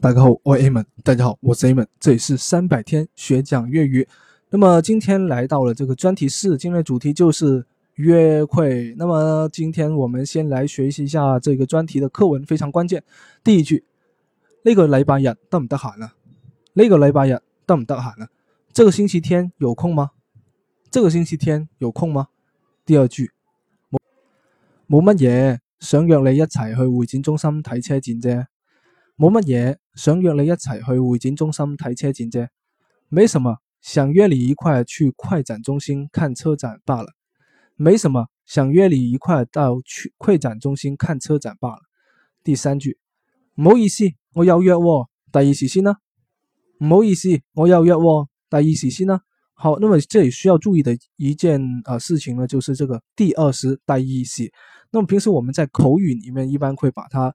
大家好，我係 Aman。大家好，我係 Aman。這裏是三百天學講粵語。那麼今天來到了這個專題四，今日主題就是約會。那麼今天我們先來學習一下這個專題的課文，非常關鍵。第一句：呢個禮拜日得唔得閒啊？呢個禮拜日得唔得閒啊？這個星期天有空嗎？這個星期天有空嗎？第二句：冇冇乜嘢，想約你一齊去會展中心睇車展啫。冇乜嘢。想約你一齊去會展中心睇車展啫，沒什麼，想約你一塊去會展中心看車展罷了。沒什麼，想約你一塊到去會展中心看車展罷了。第三句，唔好意思，我要約我，第二時先呢？唔好意思，我要約我，第二時先呢？好，那麼這裏需要注意的一件啊、呃、事情呢，就是這個第二時，第二時，那麼平時我們在口語裏面一般會把它。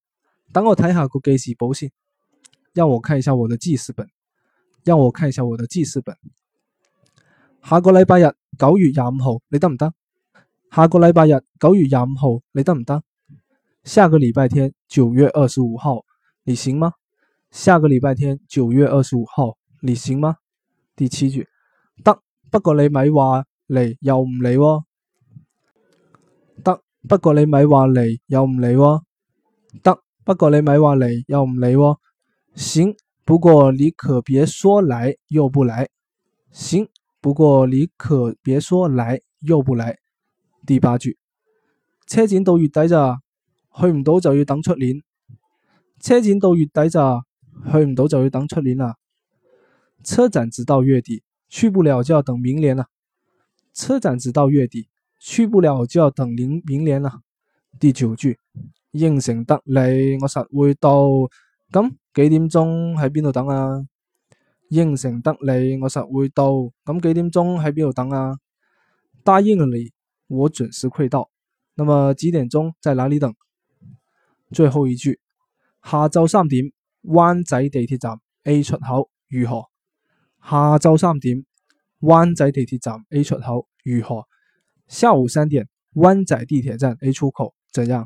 等我睇下個記事簿先，讓我看一下我的記事本，讓我看一下我的記事本。下個禮拜日九月廿五號你得唔得？下個禮拜日九月廿五號你得唔得？下個禮拜天九月二十五號你行嗎？下個禮拜天九月二十五號你行嗎？第七句，得，不過你咪話嚟又唔嚟喎。得，不過你咪話嚟又唔嚟喎。得。不過你咪話嚟又唔嚟喎？行，不過你可別說來又不來。行，不過你可別說來又不來。第八句，車展到月底咋？去唔到就要等出年。車展到月底咋？去唔到就要等出年啦。車展直到月底，去不了就要等明年啦。車展直到月底，去不了就要等明明年啦。第九句。應承得你，我實會到。咁幾點鐘喺邊度等啊？應承得你，我實會到。咁幾點鐘喺邊度等啊？答應你，我準時會到。那麼幾點鐘在哪裡等？最後一句，下晝三點，灣仔地鐵站 A 出口如何？下晝三點，灣仔地鐵站 A 出口如何？下午三點，灣仔地鐵站，站，站 A 出口怎樣？怎樣